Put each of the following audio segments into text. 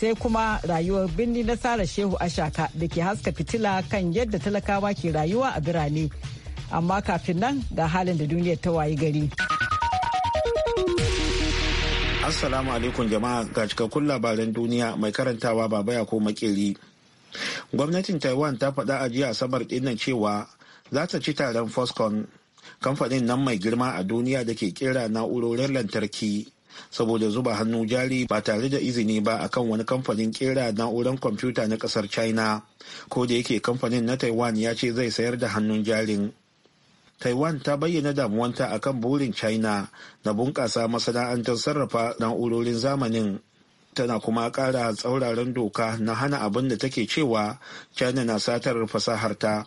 sai kuma rayuwar birni na Sara Shehu Ashaka da ke haska fitila kan yadda talakawa ke rayuwa a birane. Amma kafin nan ga halin da duniyar ta wayi gari. Assalamu alaikum jama'a ga cikakkun labaran duniya mai karantawa baba ya ko makeri. Gwamnatin Taiwan ta faɗa a jiya asabar ɗinnan cewa za ta ci taron Foscon, kamfanin nan mai girma a duniya da ke kera na'urorin lantarki. saboda zuba hannu jari ba tare da izini ba akan wani kamfanin kera na'urar kwamfuta na kasar china ko da yake kamfanin na taiwan ya ce zai sayar da hannun jarin taiwan ta bayyana damuwanta akan burin china na bunƙasa masana'antar sarrafa na'urorin zamanin tana kuma ƙara tsauraran doka na hana abin da take cewa china na satar fasaharta.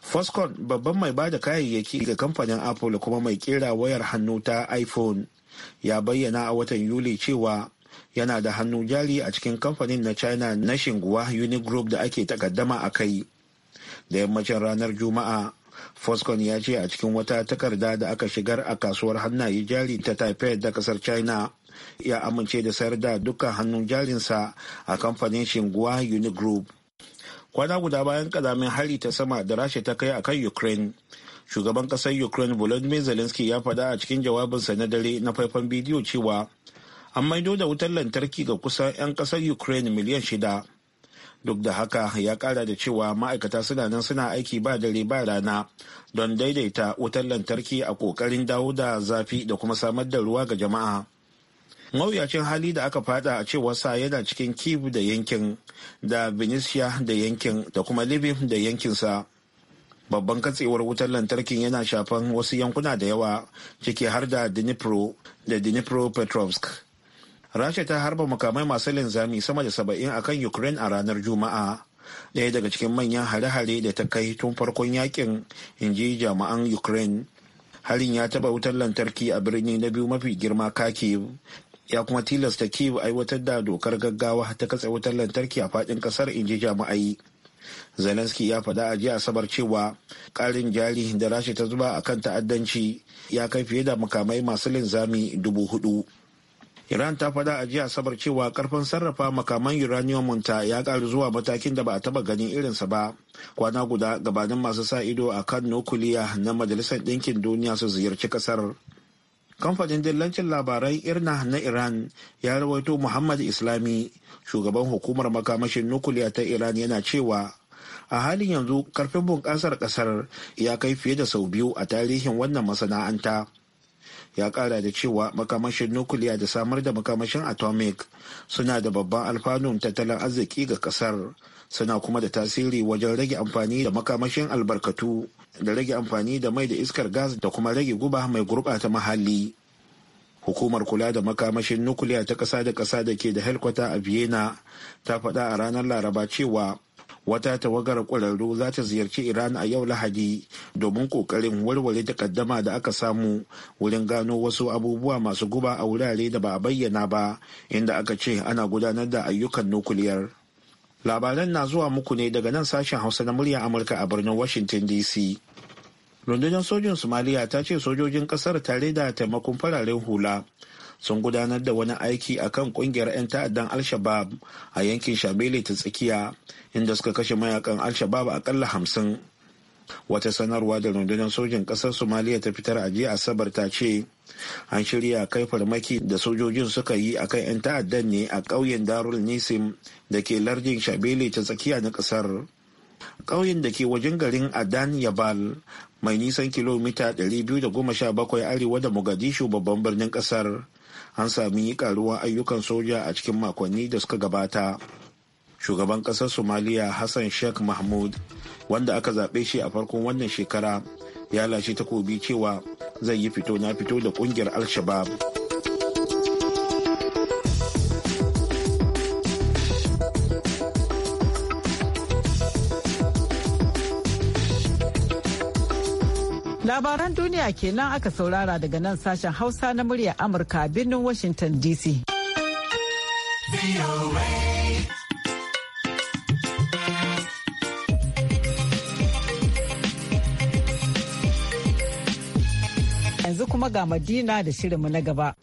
Foscon babban mai bada kayayyaki ga kamfanin Apple kuma mai kera wayar hannu ta iPhone ya bayyana a watan yuli cewa yana da hannu jari a cikin kamfanin na china na shinguwa unigroup da ake takaddama a kai da yammacin ranar juma'a foscon ya ce a cikin wata takarda da aka shigar a kasuwar hannaye jari ta taipei da kasar china ya amince da sayar da dukkan hannun jarinsa a kamfanin shinguwa unigroup kwana guda bayan kadamin hari ta sama da rasha ta kai a kan ukraine shugaban kasar ukraine volodymyr zelensky ya faɗa a cikin jawabinsa na dare na faifan bidiyo cewa an maido da wutar lantarki ga kusan 'yan kasar ukraine miliyan shida duk da haka ya ƙara da cewa ma'aikata suna nan suna aiki ba dare ba rana don daidaita wutar lantarki a ƙoƙarin dawo da zafi da kuma samar da ruwa ga jama'a mawuyacin hali da aka fada a cewar sa yana cikin kiv da yankin da venetia da yankin da kuma lviv da yankinsa babban katsewar wutar lantarkin yana shafan wasu yankuna da yawa ciki har da dnipro da dnipro petrovsk rasha ta harba makamai masu linzami sama da saba'in akan ukraine a ranar juma'a daya daga cikin manyan hare-hare da ta kai tun farkon yakin inji jami'an ukraine harin ya taba wutar lantarki a birni na biyu mafi girma kharkiv ya kuma tilasta kiv aiwatar da dokar gaggawa ta katse wutar lantarki a fadin kasar inji jama'ai. zelensky ya faɗa a jiya asabar cewa ƙarin jari da rasha ta zuba a kan ta'addanci ya kai fiye da makamai masu linzami dubu hudu iran ta faɗa a jiya asabar cewa ƙarfin sarrafa makaman uranium ta ya ƙaru zuwa matakin da ba a taɓa ganin irinsa ba kwana guda gabanin masu sa ido a kan nukuliya na majalisar ɗinkin duniya su ziyarci ƙasar kamfanin dillancin labaran irna na iran ya rawaito muhammad islami shugaban hukumar makamashin nukuliya ta iran yana cewa a halin yanzu karfin bunƙasar ƙasar ya kai fiye da sau biyu a tarihin wannan masana'anta ya ƙara da cewa makamashin nukuliya da samar da makamashin atomic suna da babban alfanun tattalin arziki ga ƙasar suna kuma da tasiri wajen rage amfani da makamashin albarkatu da rage amfani da mai da iskar gas da kuma rage guba mai gurɓata mahalli hukumar kula da makamashin nukuliya ta ƙasa da ƙasa da ke da helkwata a vienna ta faɗa a ranar laraba cewa wata tawagar ƙwararru za ta ziyarci iran a yau lahadi domin ƙoƙarin warware takaddama da aka samu wurin gano wasu abubuwa masu guba a wurare da ba a bayyana ba inda aka ce ana gudanar da ayyukan nukuliyar Labaran na zuwa muku ne daga nan sashen Hausa na muryar Amurka a birnin Washington DC. Rundunar sojin Somaliya ta ce sojojin kasar tare da taimakon fararen hula sun gudanar da wani aiki a kan kungiyar 'yan ta'addan Al-Shabab a yankin Shabele ta tsakiya inda suka kashe mayakan Al-Shabab akalla hamsin wata sanarwa da rundunar sojin ƙasar somaliya ta fitar a jiya asabar ta ce an shirya kai farmaki da sojojin suka yi a kan 'yan ta'addan ne a ƙauyen darul nisim da ke lardin shabele ta tsakiya na ƙasar ƙauyen da ke wajen garin adan yabal mai nisan kilomita 217 arewa da mogadishu babban birnin ƙasar an sami karuwan ayyukan soja a cikin makonni da suka gabata shugaban ƙasar somaliya hassan sheikh mahmud wanda aka zaɓe shi a farkon wannan shekara ya lashe takobi cewa zai yi fito na fito da ƙungiyar al-shabab labaran duniya kenan aka saurara daga nan sashen hausa na murya amurka birnin washington dc yanzu kuma ga madina da shirinmu na gaba.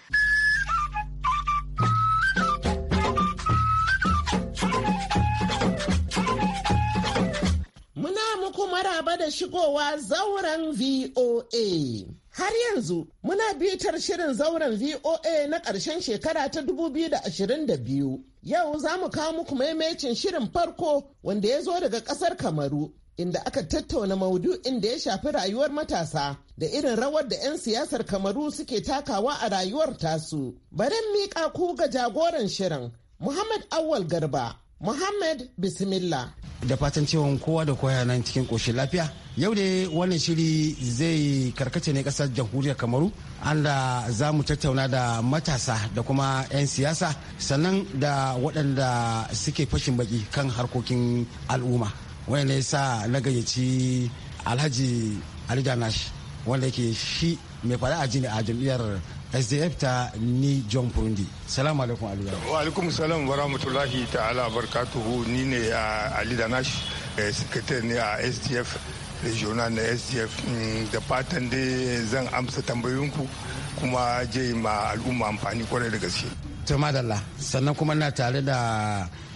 Muna muku maraba da shigowa zauren VOA. Har yanzu muna bitar shirin zauren VOA na ƙarshen shekara ta 2022. Yau za mu kawo muku maimacin shirin farko wanda ya zo daga ƙasar Kamaru inda aka tattauna maudu'in da ya shafi rayuwar matasa da irin rawar da 'yan siyasar kamaru suke takawa a rayuwar tasu. Barin miƙa ku ga jagoran shirin Muhammad Awal Garba, Muhammad Bismillah. Da fatan cewa kowa da kowa nan cikin koshin lafiya. Yau da wannan shiri zai karkace ne kasar jamhuriyar Kamaru, an da za mu tattauna da matasa da kuma 'yan siyasa sannan da waɗanda suke fashin baki kan harkokin al'umma. wani ya sa na gayyaci alhaji alijanash wanda yake shi mai fara aji ne a jam'iyyar sdf ta ni john burundi salamu alaikum alijanash wa alaikum salam wa rahmatullahi ta'ala barkatuhu ni ne alijanash eh, sakatare ne a sdf regional na sdf mm, da fatan dai zan amsa tambayoyinku kuma je ma al'umma amfani kwarai da gaske to madalla sannan kuma na tare da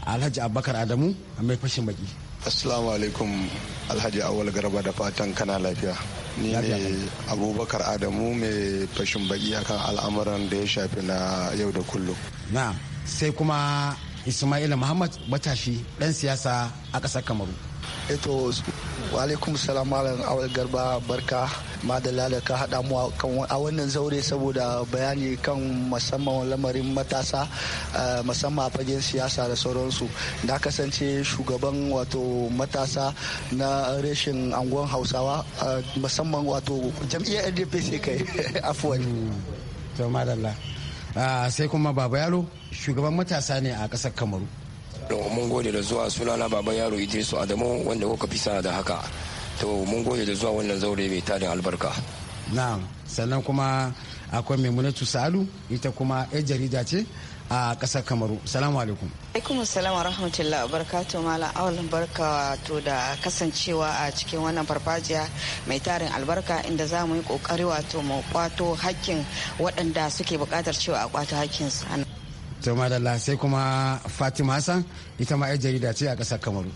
alhaji abubakar adamu mai fashin baki Assalamu alaikum Alhaji Awal Garba da fatan kana lafiya. Ni ne Abubakar Adamu mai fashin baki akan al'amuran da ya shafi na yau da kullum. Na sai kuma Ismaila Muhammad matashi ɗan siyasa a ƙasar Kamaru. eto alaikum salam malam awal garba barka ma da ka haɗa mu a wannan zaure saboda bayani kan musamman lamarin matasa eh, musamman a fagen siyasa da sauransu na kasance shugaban wato matasa na reshen angon hausawa eh, musamman wato jam'iyyar ndp sai kai afuwan hmm. to madalla ah, sai kuma baba yalo shugaban matasa ne a ƙasar kamaru mun gode da zuwa sunana baban yaro idrisu adamu wanda kuka fi sana da haka to mun gode da zuwa wannan zaure mai tarin albarka na'am sannan kuma akwai maimunatu salu ita kuma yar jarida ce a kasar kamaru salamu alaikum alaikum assalam wa rahmatullahi wa barakatu mala awalin barka to da kasancewa a cikin wannan farfajiya mai tarin albarka inda za mu yi kokari wato mu kwato hakkin waɗanda suke buƙatar cewa a kwato hakkin su to madalla sai kuma fatima hassan ita ma 'yar jarida ce a kasar kamaru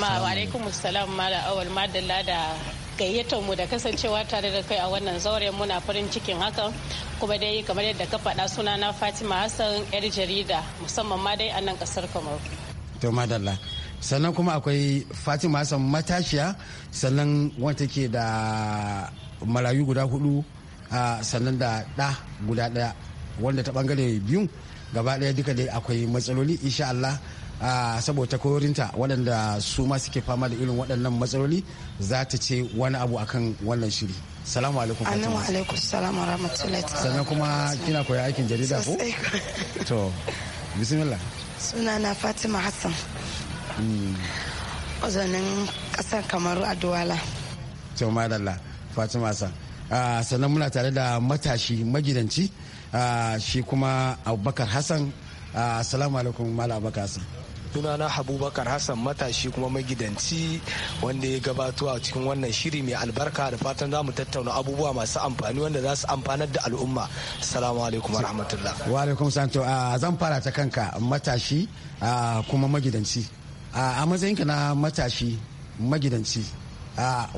ma alaikum salam da awal da gayyatar mu da kasancewa tare da kai a wannan zauren muna farin cikin hakan kuma dai kamar yadda ka faɗa suna na fatima hassan yar jarida musamman ma dai a nan ƙasar kamaru to madalla sannan kuma akwai fatima hassan matashiya sannan wata ke da marayu guda hudu sannan da ɗa guda ɗaya wanda ta bangare biyun gaba ɗaya duka dai akwai matsaloli insha Allah ah, saboda korinta waɗanda su ma suke fama da irin waɗannan matsaloli za ta ce wani abu akan wannan shiri salamu alaikum fatima alaikum salamu rahmatullahi sannan kuma kina koya aikin jarida ko to bismillah suna na fatima hassan ozanin hmm. kasar kamaru a duwala to madalla fatima hassan ah, sannan muna tare da matashi magidanci Ah, shi kuma abubakar hassan ah, assalamu alaikum mala abubakar hassan sunana habubakar hassan matashi kuma magidanci wanda ya gabato a cikin wannan shiri mai albarka da fatan za mu tattauna abubuwa masu amfani wanda za su amfanar da al'umma assalamu alaikum rahmatullah wa alaikum santo a ah, zan fara ta kanka matashi kuma magidanci a matsayinka na matashi magidanci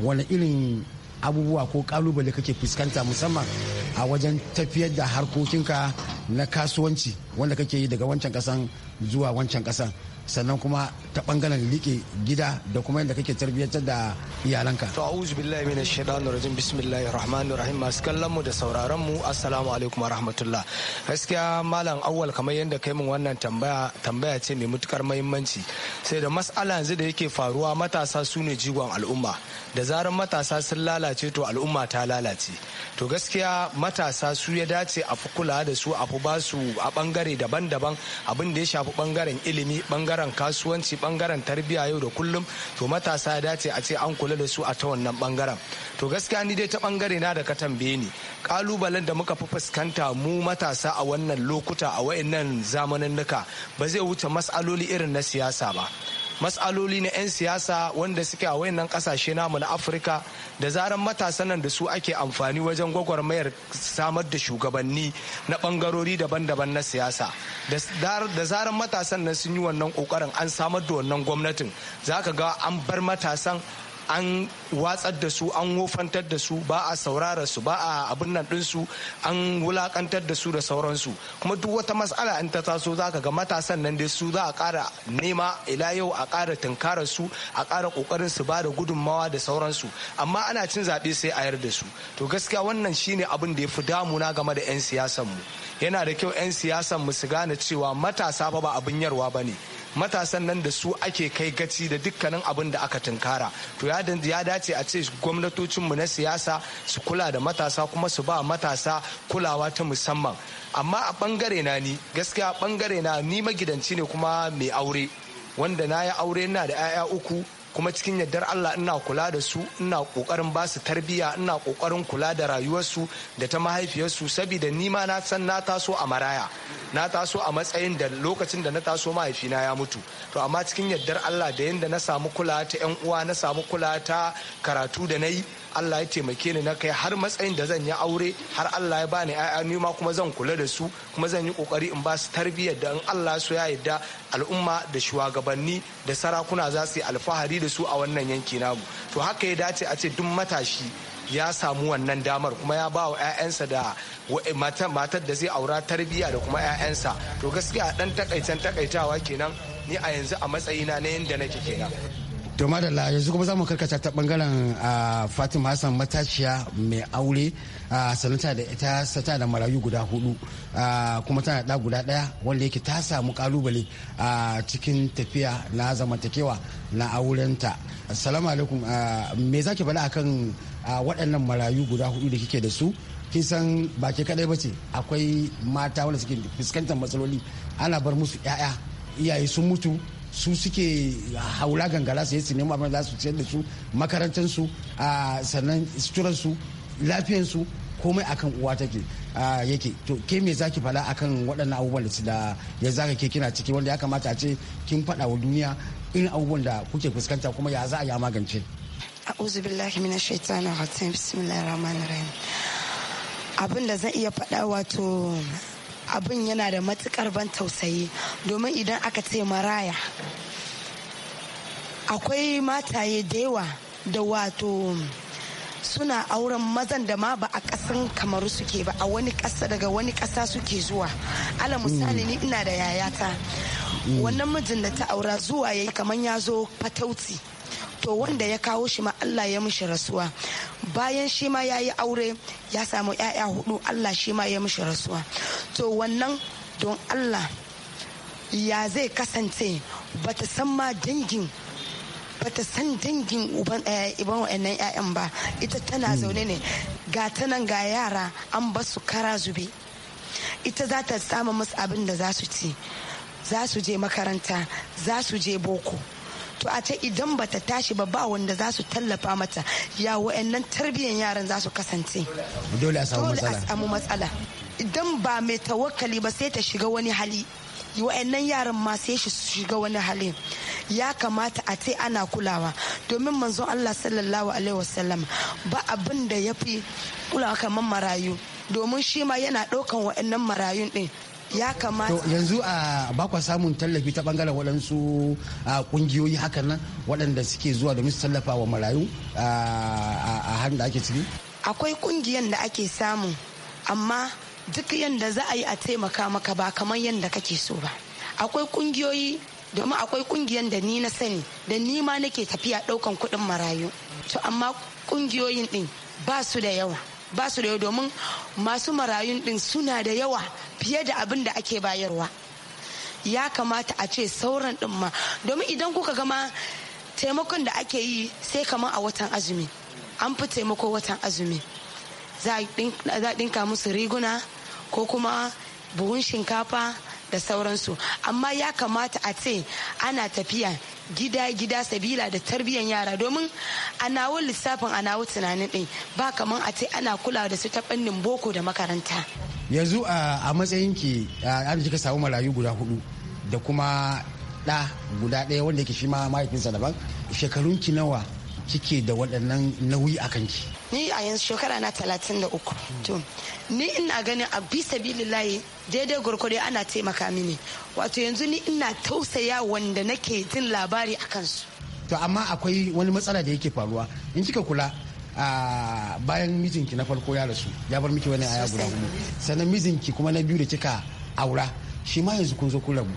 wani irin abubuwa ko kalubale kake fuskanta musamman a wajen tafiyar da harkokinka na kasuwanci wanda kake yi daga wancan kasan zuwa wancan kasan sannan kuma ta bangaren rike gida da kuma yadda kake tarbiyyantar da iyalanka to a'udhu billahi minash shaitanir rajim bismillahir rahmanir rahim masu kallon mu da sauraron mu assalamu alaikum warahmatullah gaskiya malam awwal kamar yadda kai min wannan tambaya tambaya ce mai mutukar muhimmanci sai da mas'ala yanzu da yake faruwa matasa su ne jigon al'umma da zarar matasa sun lalace to al'umma ta lalace to gaskiya matasa su ya dace a fi kula da su a fi ba su a bangare daban-daban abin da ya shafi bangaren ilimi bangaren kasuwanci bangaren tarbiyya yau da kullum to matasa ya dace a ce an kula kula da su a ta wannan bangaren to gaskiya ni dai ta bangare na da ka tambaye ni kalubalen da muka fi fuskanta mu matasa a wannan lokuta a wayannan zamaninnika ba zai wuce matsaloli irin na siyasa ba matsaloli na 'yan siyasa wanda suke a wayannan kasashe namu na afirka da zaran matasan nan da su ake amfani wajen gwagwarmayar samar da shugabanni na bangarori daban-daban na siyasa da zaran matasan nan sun yi wannan kokarin an samar da wannan gwamnatin za ka ga an bar matasan an watsar da su an wofantar da su ba a saurara su ba a abin nan ɗinsu an wulakantar da su da sauransu kuma duk wata matsala in ta taso za ka ga matasan nan dai su za a ƙara nema ila yau a ƙara tunkarar su a ƙara ƙoƙarin su ba da gudunmawa da sauransu amma ana cin zaɓe sai a yar da su to gaskiya wannan shine abin da ya fi na game da 'yan siyasan mu yana da kyau 'yan siyasan mu su gane cewa matasa ba ba abin yarwa ba ne matasan nan da su ake kai gaci da dukkanin abin da aka tunkara to ya dace a ce gwamnatocinmu na siyasa su kula da matasa kuma su ba matasa kulawa ta musamman amma a bangare na ni gaskiya bangare na ni magidanci ne kuma mai aure wanda na yi aure na da 'ya'ya uku kuma cikin yardar Allah ina kula da su ina kokarin ba su tarbiyya ina kokarin kula da rayuwarsu da ta mahaifiyarsu saboda ni ma na san na taso a maraya na taso a matsayin da lokacin da na taso mahaifina ya mutu to amma cikin yardar Allah da yanda na samu kula ta yan uwa na samu kula ta karatu da na yi Allah ya taimake ni na kai har matsayin da zan yi aure har Allah ya bani ai ni ma kuma zan kula da su kuma zan yi kokari in ba su tarbiyyar da in Allah so ya yarda al'umma da shugabanni da sarakuna za su yi alfahari da su a wannan yanki namu to haka ya dace a ce duk matashi ya samu wannan damar kuma ya ba wa 'ya'yansa da matar da zai aura tarbiyya da kuma 'ya'yansa to gaskiya dan takaitan takaitawa kenan ni a yanzu a matsayina na yadda nake kenan to madalla yanzu kuma za mu karkata ta bangaren fatima hassan matashiya mai aure a sanata da ita sata da marayu guda hudu kuma tana da guda daya wanda yake ta samu kalubale a cikin tafiya na zamantakewa na aurenta assalamu alaikum me ki bala akan waɗannan marayu guda hudu da kike da su kin san ba ke kadai ba ce akwai mata wanda suke fuskantar matsaloli ana bar musu 'ya'ya iyaye sun mutu su suke haula gangara su yi sinima nemo abin da su ciyar da su makarantarsu a sannan suturarsu lafiyarsu komai akan uwa take yake to ke me zaki fada akan waɗannan abubuwan da su da ya zaka ke kina ciki wanda ya kamata a ce kin faɗa wa duniya irin abubuwan da kuke fuskanta kuma ya za a ya magance a'udhu billahi minash abin da zan iya faɗa wato abin yana da matukar ban tausayi domin idan aka ce maraya akwai mataye da yawa da wato suna auren mazan da ma ba a kasan kamaru suke ba a wani ƙasa daga wani ƙasa suke zuwa ala misali ni ina da yayata wannan mijin da ta aura zuwa ya yi kamar ya zo fatauci to wanda ya kawo shi ma Allah ya mishi rasuwa bayan shi ma ya yi aure ya samu 'ya'ya hudu Allah shi ma ya mishi rasuwa to wannan don allah ya zai kasance bata san ma dangin bata san dangin uban eh, wa'annan 'ya'yan ba ita tana hmm. zaune ne ga ta nan ga yara an basu kara zube ita za ta samu musu abin da za su ci za su je makaranta za su je boko to a ce idan bata tashi ba ba wanda za su tallafa mata ya wa'annan tarbiyyar yaran za su kasance dole a samu matsala idan ba mai tawakkali ba sai ta shiga wani hali wa'annan yaran ma sai shi shiga wani hali ya kamata a ce ana kulawa domin manzon Allah sallallahu alaihi wasallam ba abin da ya fi kulawa kamar marayu domin shi ma yana ɗaukan wa'annan marayun ɗin ya kamata yanzu a bakwa samun tallafi ta bangaren waɗansu kungiyoyi hakan nan waɗanda suke zuwa domin su tallafa wa marayu a hannun da ake ciki akwai kungiyan da ake samu amma duk yadda za a yi a taimaka maka ba kamar yadda kake so ba akwai kungiyoyi domin akwai kungiyan da ni na sani da ni ma nake tafiya daukan kudin marayu to amma kungiyoyin din ba su da yawa ba su da yawa domin masu marayun din suna da yawa fiye da abin da ake bayarwa ya kamata a ce sauran din ma domin idan kuka gama taimakon da ake yi sai kamar a watan azumi an fi taimako watan azumi za a dinka musu riguna ko kuma buhun shinkafa da sauransu amma ya kamata a ce ana tafiya gida-gida sabila da tarbiyyar yara domin a lissafin a tunanin ɗin ba kamar a ce ana kula da su ta fannin boko da makaranta yanzu a matsayinki an kika samu marayu guda hudu da kuma ɗa guda ɗaya wanda ke shi ma mahaifinsa daban shekarunki nawa kike da waɗannan nauyi a kanki ni a yanzu shekara na talatin da uku to ni ina ganin a bisa bilillahi daidai gwargwado ana taimaka mini wato yanzu ni ina tausaya wanda nake jin labari a kansu to amma akwai wani matsala da yake faruwa in kika kula a bayan mijinki na farko ya rasu ya bar miki wani aya guda sannan mijinki kuma na biyu da kika aura shi ma yanzu kun zo kun rabu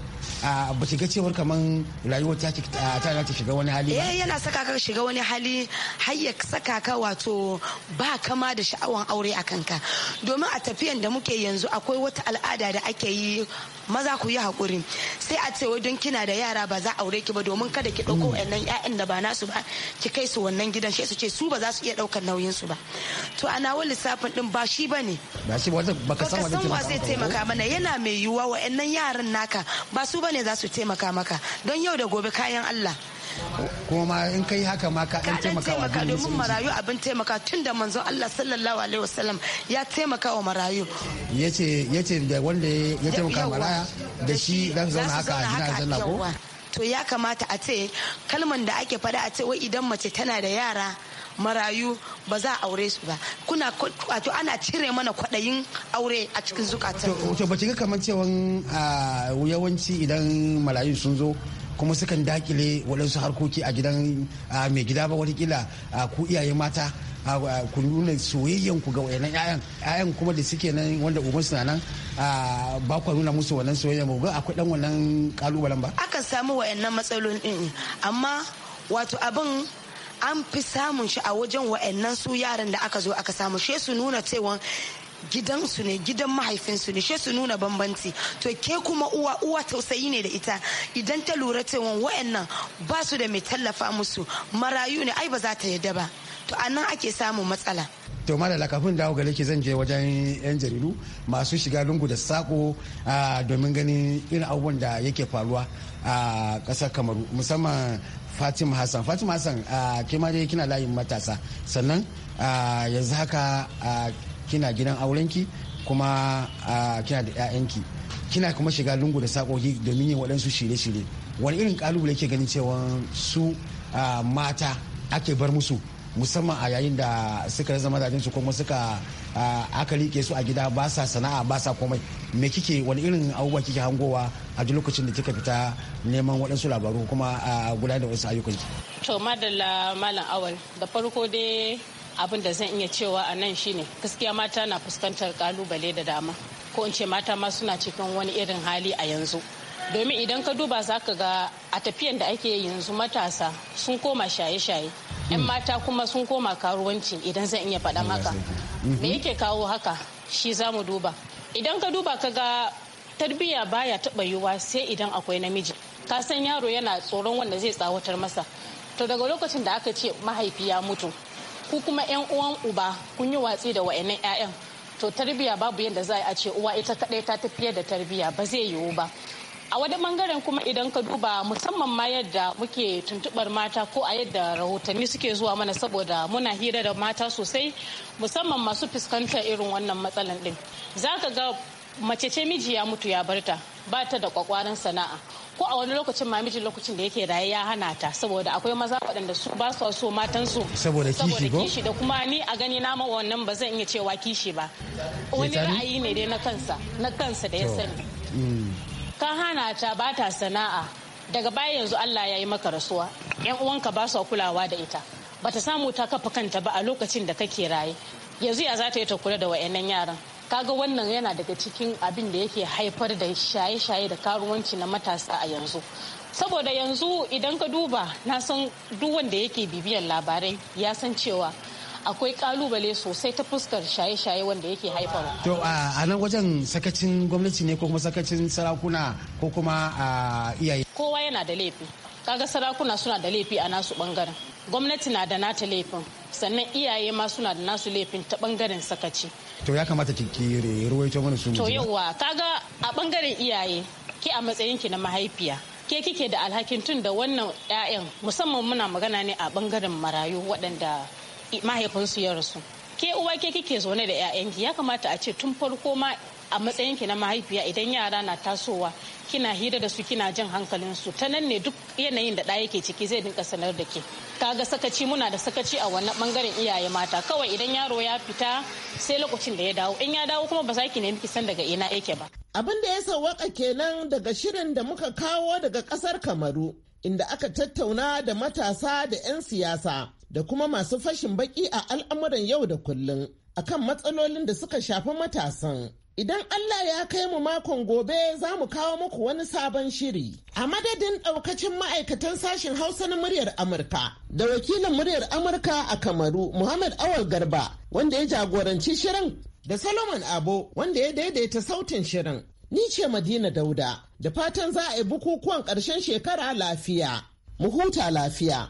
ba shiga cewar kamar rayuwar ta ta ta shiga wani hali eh yana saka ka shiga wani hali har ya saka ka wato ba kama da sha'awan aure a kanka domin a tafiyan da muke yanzu akwai wata al'ada da ake yi maza ku yi hakuri sai a ce don kina da yara ba za aure ki ba domin kada ki ɗauko mm. wannan ƴaƴan da ba nasu ba ki kai su wannan gidan shi su ce su ba za su iya ɗaukar nauyin su ba to a wa lissafin din ba shi bane ba shi ba ka san wa zai taimaka mana yana mai yiwuwa wa'annan yaran naka ba su ba ne za su taimaka maka don yau da gobe kayan Allah kuma in kai haka ma ka dan taimaka wa domin marayu abin taimaka tun da manzon Allah sallallahu alaihi wasallam ya taimaka wa marayu yace yace da wanda ya taimaka maraya da shi zan zauna haka a jina zanna ko to ya kamata a ce kalman da ake fada a ce wai idan mace tana da yara marayu ba za a aure su ba kuna wato ana cire mana kwaɗayin aure a cikin zukatan wato ba ga kamar cewa yawanci idan marayu sun zo kuma sukan dakile waɗansu harkoki a gidan mai gida ba watakila ku iyaye mata ku nuna soyayyen ku ga wayannan yayan yayan kuma da suke nan wanda uban suna nan ba ku nuna musu wannan soyayyen ba akwai dan wannan kalubalen ba akan samu wayannan matsalolin amma wato abin an fi samun shi a wajen wa'annan su yaran da aka zo aka samu shi su nuna cewa gidansu ne gidan mahaifinsu ne shi su nuna bambanci to ke kuma uwa uwa tausayi ne da ita idan ta lura cewa wa'annan ba su da mai tallafa musu marayu ne ai ba za ta yadda ba to anan ake samun matsala to mara kafin dawo gare ki zan je wajen yan jaridu masu shiga lungu da sako domin ganin irin abubuwan da yake faruwa a kasar kamaru musamman fatima hassan fatima hassan ke ma dai kina layin matasa sannan yanzu haka kina gidan aurenki kuma kina da 'ya'yanki kina kuma shiga lungu da sakoki domin yin waɗansu shirye-shirye wani irin kalubale ke ganin cewa su mata ake bar musu musamman a yayin da suka zama mazajen su kuma suka aka rike su a gida ba sa sana'a ba sa komai me kike wani irin abubuwa kike hangowa a duk lokacin da kika fita neman waɗansu labaru kuma a gudanar da wasu ayyukan ki to madalla malam awal da farko dai abin da zan iya cewa a nan shine gaskiya mata na fuskantar kalubale da dama ko in ce mata ma suna cikin wani irin hali a yanzu domin idan ka duba za ka ga a tafiyan da ake yanzu matasa sun koma shaye-shaye 'yan hmm. mata kuma sun koma karuwanci idan zan iya faɗa maka me mhm. yake kawo haka shi za mu duba idan ka duba ka ga tarbiyya baya taɓa yiwuwa sai idan akwai namiji ka san yaro yana tsoron wanda zai tsawatar masa to daga lokacin da aka ce mahaifi ya mutu ku kuma yan uwan uba kun yi watsi da wa'annan ƴaƴan to tarbiyya babu yadda za a ce uwa ita kaɗai ta tafiyar da tarbiyya ba zai yiwu ba a wani bangaren kuma idan ka duba musamman ma yadda muke tuntubar mata ko a yadda rahotanni suke zuwa mana saboda muna hira da mata sosai musamman masu fuskantar irin wannan matsalan din za ka ga mace ce miji ya mutu ya barta ba ta da kwakwaran sana'a ko a wani lokacin ma mijin lokacin da yake raye ya hana ta saboda akwai maza waɗanda su ba su so matan su saboda kishi ko da kuma ni a gani na ma wannan ba zan iya cewa kishi ba wani ra'ayi ne dai na kansa na kansa da ya sani mm. ka hana ta ba ta sana'a daga baya yanzu Allah ya yi maka rasuwa yan uwanka ba su kulawa da ita ba ta samu ta kafa kanta ba a lokacin da kake raye yanzu ya za ta yi ta kula da wa'annan yaran kaga wannan yana daga cikin abin da yake haifar da shaye-shaye da karuwanci na matasa a yanzu saboda yanzu idan ka duba na san duk wanda yake bibiyan labarai ya san cewa akwai kalubale sosai ta fuskar shaye-shaye wanda yake haifarwa. To a nan wajen sakacin gwamnati ne ko kuma sakacin sarakuna ko kuma iyaye. Kowa yana da laifi. Kaga sarakuna suna da laifi a nasu bangaren. Gwamnati na da nata laifin. sannan iyaye ma suna da nasu laifin ta bangaren sakaci. To ya kamata ki ruwaito mana su. To yawa kaga a bangaren iyaye ke a matsayin ki na mahaifiya ke kike da alhakin tun da wannan 'ya'yan musamman muna magana ne a bangaren marayu waɗanda mahaifinsu ya rasu ke uwa ke kike zaune da 'ya'yanki ya kamata a ce tun farko ma a matsayin ki na mahaifiya idan yara na tasowa kina hira da su kina jin hankalin su ta nan ne duk yanayin da ɗaya ke ciki zai dinka sanar da ke kaga sakaci muna da sakaci a wannan bangaren iyaye mata kawai idan yaro ya fita sai lokacin da ya dawo in ya dawo kuma ba za ki nemi ki san daga ina yake ba abin da ya sauwaka kenan daga shirin da muka kawo daga kasar kamaru inda aka tattauna da matasa da 'yan siyasa da kuma masu fashin baki a al'amuran yau da kullum akan matsalolin da suka shafi matasan. Idan Allah ya kai mu makon gobe za mu kawo muku wani sabon shiri. A madadin ɗaukacin ma'aikatan sashen Hausa na muryar Amurka da wakilin muryar Amurka a Kamaru Muhammad Awal Garba wanda ya jagoranci shirin da Solomon Abo wanda ya daidaita sautin shirin. Ni ce Madina Dauda da fatan za a yi bukukuwan ƙarshen shekara lafiya. Mu huta lafiya.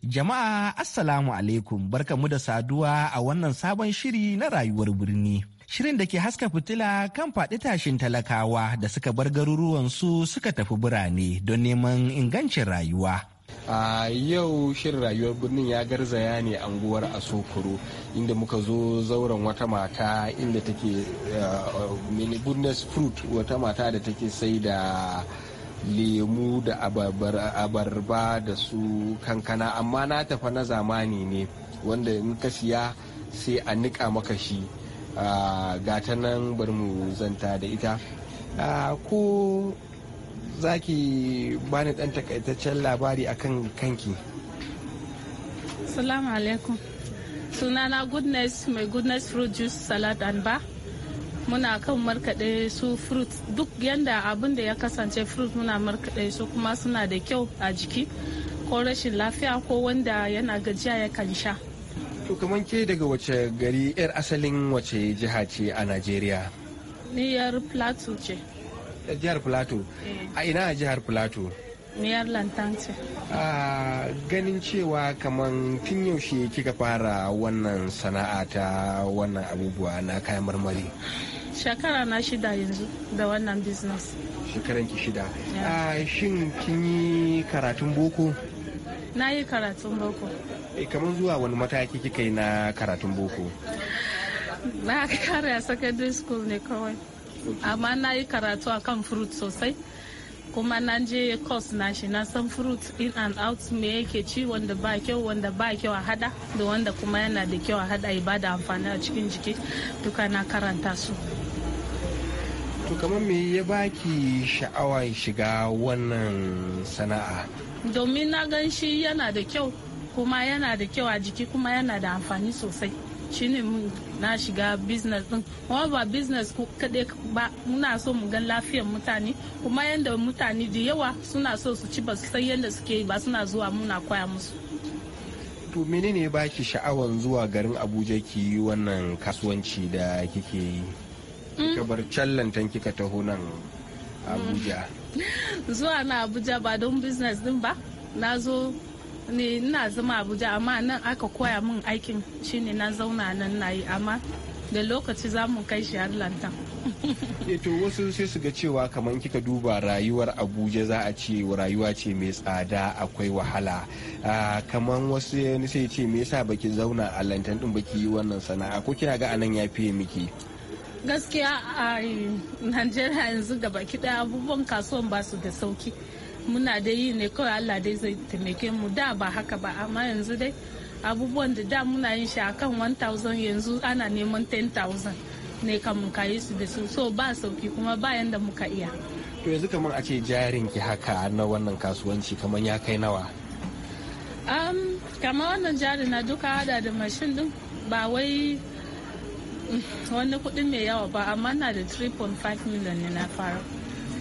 Jama'a Assalamu alaikum barkamu da saduwa a wannan sabon shiri na rayuwar birni. Shirin da ke haska fitila kan faɗi tashin talakawa da suka bar garuruwansu suka tafi birane don neman ingancin rayuwa. a yau shirin rayuwar birnin ya garzaya ne anguwar asokoro inda muka zo zauren wata mata inda take uh, fruit wata mata da take sai da lemu da abarba da su kankana amma na tafa na zamani ne wanda in ka siya sai a niƙa maka shi ah, gata nan bari mu zanta da ita ah, ko za ki bani ɗan takaitaccen labari akan kanki salamu alaikum sunana goodness my goodness fruit juice salad and bar muna kan markaɗe su fruit duk yanda abin da ya kasance fruit muna markaɗe su kuma suna da kyau a jiki ko rashin lafiya ko wanda yana gajiya ya kan sha to kamar ke daga wace gari yar asalin wace jiha ce a najeriya niyar plateau ce jihar plateau eh. a ina jihar plateau niyar lantan ce a ganin cewa kamar tun yaushe kika fara wannan sana'a ta wannan abubuwa na kayan marmari shekara na shida yanzu da wannan business shekaran ki shida a ah, shin kin yi karatun boko na yi karatun boko e, eh, kamar zuwa wani mataki kika yi na karatun boko na kare a secondary school ne kawai amma na yi karatu a kan fruit sosai kuma na je course na shi na san fruit in and out me yake ci wanda ba kyau wanda ba kyau a hada da wanda kuma yana da kyau a hada ibada amfani a cikin jiki duka na karanta su to kamar me ya baki sha'awa shiga wannan sana'a domin na gan shi yana da kyau kuma yana da kyau a jiki kuma yana da amfani sosai shi ne na shiga business din kuma ba business kaɗai ba muna so mu gan lafiyar mutane kuma yadda mutane da yawa suna so su ci ba su san yadda suke yi ba suna zuwa muna koya musu to menene baki sha'awar zuwa garin abuja ki yi wannan kasuwanci da kike yi Mm. kika bar can lantan kika taho nan abuja mm. zuwa na abuja ba don business din ba na zo ne ina zama abuja amma nan aka koya min aikin shine na zauna nan na yi amma da lokaci za mu kai shi har lantan eh, to wasu sai su ga cewa kamar kika duba rayuwar abuja za a ce rayuwa ce mai tsada akwai wahala ah, kamar wasu sai ce me yasa baki zauna a lantan din baki yi wannan sana'a ko kina ga anan ya fiye miki gaskiya a najeriya yanzu da baki daya abubuwan kasuwan ba su da sauki muna da yi ne kawai allah dai zai taimake mu da ba haka ba amma yanzu dai abubuwan da da muna yin shi akan 1000 yanzu ana neman 10000 ne kamun kayi su da su so ba sauki kuma bayan da muka iya to yanzu kamar a ce jarin ki haka na wannan kasuwanci kamar ya kai nawa kamar wannan jari na duka hada da mashin din ba wai wani kuɗin mai yawa ba amma na da 3.5 million ne na fara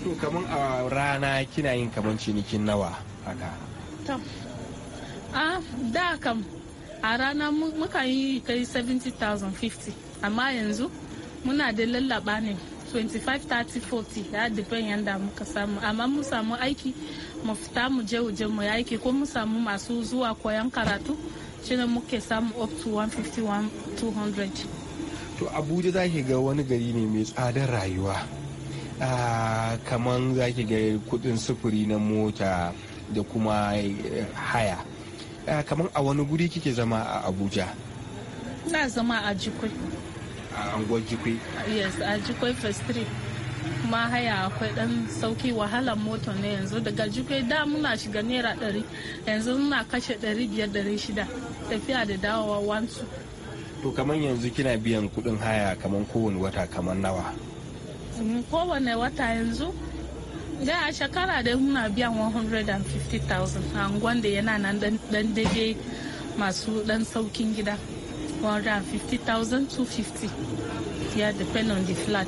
to kamar a rana kina yin kamar cinikin nawa haka to a da kam a rana muka yi kai 70,050 amma yanzu muna da lallaba ne 25-30-40 ya depend yadda muka samu amma mu samu aiki mu fita mu je uje mu aiki ko mu samu masu zuwa koyon karatu shi muke samu up to 150-200 to abuja za ki ga wani gari ne mai tsadar rayuwa ah, kamar za ki ga kudin sufuri na mota da kuma eh, haya ah, kamar a wani guri kike zama a abuja na zama a jikwai a anguwar jikwai yes a jikwai first street kuma haya akwai dan sauki wahalar mota ne yanzu daga jikwai da muna shiga naira 100 yanzu muna kashe 500 biyar shida tafiya da dawowa wansu to kamar yanzu kina biyan kuɗin haya kamar kowane wata kamar nawa mm, kowane wata yanzu da a shekara da muna biyan 150,000 a angon da yana nan dan daje masu dan saukin gida 150,000 250 ya depend on the flat